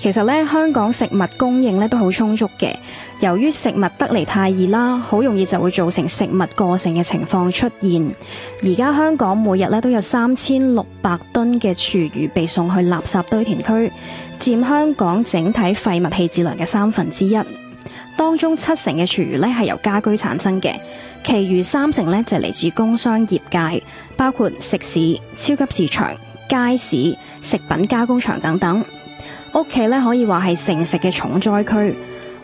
其實咧，香港食物供應咧都好充足嘅。由於食物得嚟太易啦，好容易就會造成食物過剩嘅情況出現。而家香港每日咧都有三千六百噸嘅廚餘被送去垃圾堆填區，佔香港整體廢物棄置量嘅三分之一。當中七成嘅廚餘咧係由家居產生嘅，其餘三成咧就嚟自工商業界，包括食肆、超級市場、街市、食品加工場等等。屋企咧可以話係剩食嘅重災區，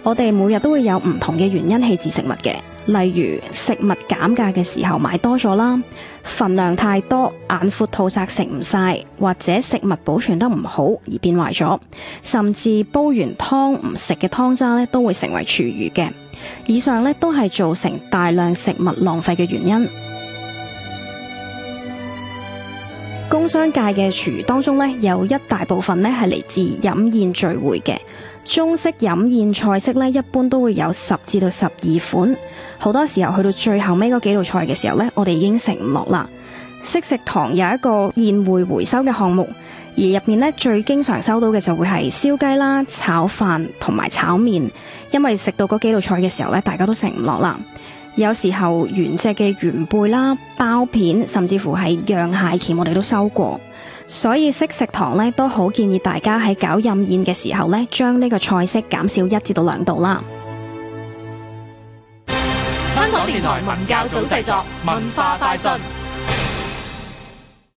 我哋每日都會有唔同嘅原因棄置食物嘅，例如食物減價嘅時候買多咗啦，份量太多，眼闊肚窄食唔晒，或者食物保存得唔好而變壞咗，甚至煲完湯唔食嘅湯渣咧都會成為廚餘嘅。以上咧都係造成大量食物浪費嘅原因。商界嘅廚餘當中咧，有一大部分咧係嚟自飲宴聚會嘅。中式飲宴菜式咧，一般都會有十至到十二款。好多時候去到最後尾嗰幾道菜嘅時候咧，我哋已經食唔落啦。惜食堂有一個宴會回收嘅項目，而入面咧最經常收到嘅就會係燒雞啦、炒飯同埋炒麵，因為食到嗰幾道菜嘅時候咧，大家都食唔落啦。有時候原隻嘅原貝啦、包片，甚至乎係釀蟹鉗，我哋都收過。所以惜食堂呢，都好建議大家喺搞飲宴嘅時候呢，將呢個菜式減少一至到兩道啦。香港電台文教組製作文化快訊。